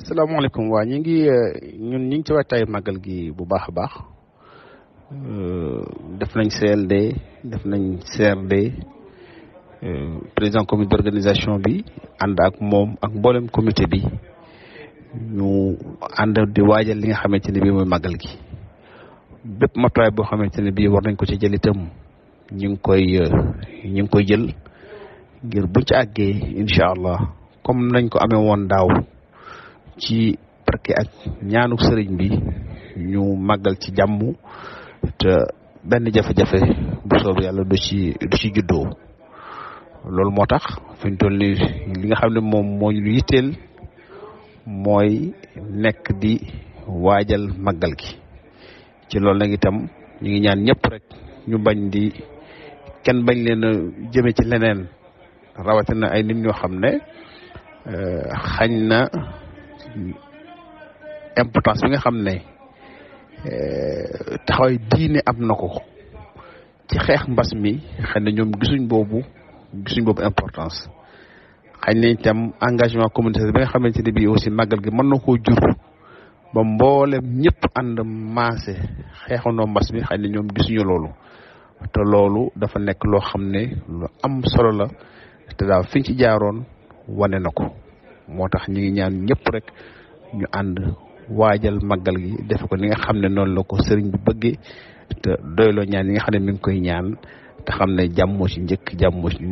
asalaamaaleykum waa ñi ngi eh, ñun ñi ngi ci waajtaayu màggal gi bu baax a baax euh, def nañ CLD def nañ CRD euh, président comité d'organisation bi ànd ak moom ak mboolem comité bi ñu ànd di waajal li nga xamante ne bii mooy màggal gi bépp matuwaay boo xamante ne bii war nañ ko ci jël tam ñu ngi koy euh, ñu ngi koy jël ngir bu ci àggee incha allah comme nañ ko amee woon daaw ci barke ak ñaanu sëriñ bi ñu màggal ci jàmm te benn jafe-jafe bu soob yàlla du ci du ci juddoo loolu moo tax fi ñu li nga xam ne moom moo ñu yitteel mooy nekk di waajal màggal gi ci loolu nag itam ñu ngi ñaan ñëpp rek ñu bañ di kenn bañ leen jëmee ci leneen rawatina ay nit ñoo xam ne euh, xañ na importance bi nga xam ne euh, taxaway diine am na ko ci xeex mbas mi xëy na ñoom gisuñ boobu gisuñ boobu importance xañ nañ tam engagement communautaire bi nga xamante ne bii aussi màggal gi mën na koo jur ba mboole ñëpp ànd maase xeexandoo mbas mi xëy na ñoom gisuñu loolu te loolu dafa nekk loo xam ne lu am solo la te daal fiñ ci jaaroon wane na ko moo tax ñu ngi ñaan ñëpp rek ñu ànd waajal màggal gi defe ko ni nga xam ne noonu la ko sëriñ bi bëggee te doyloo ñaan ñi nga xam ne mi ngi koy ñaan te xam ne jàmm moo ci njëkk jàmm moo ci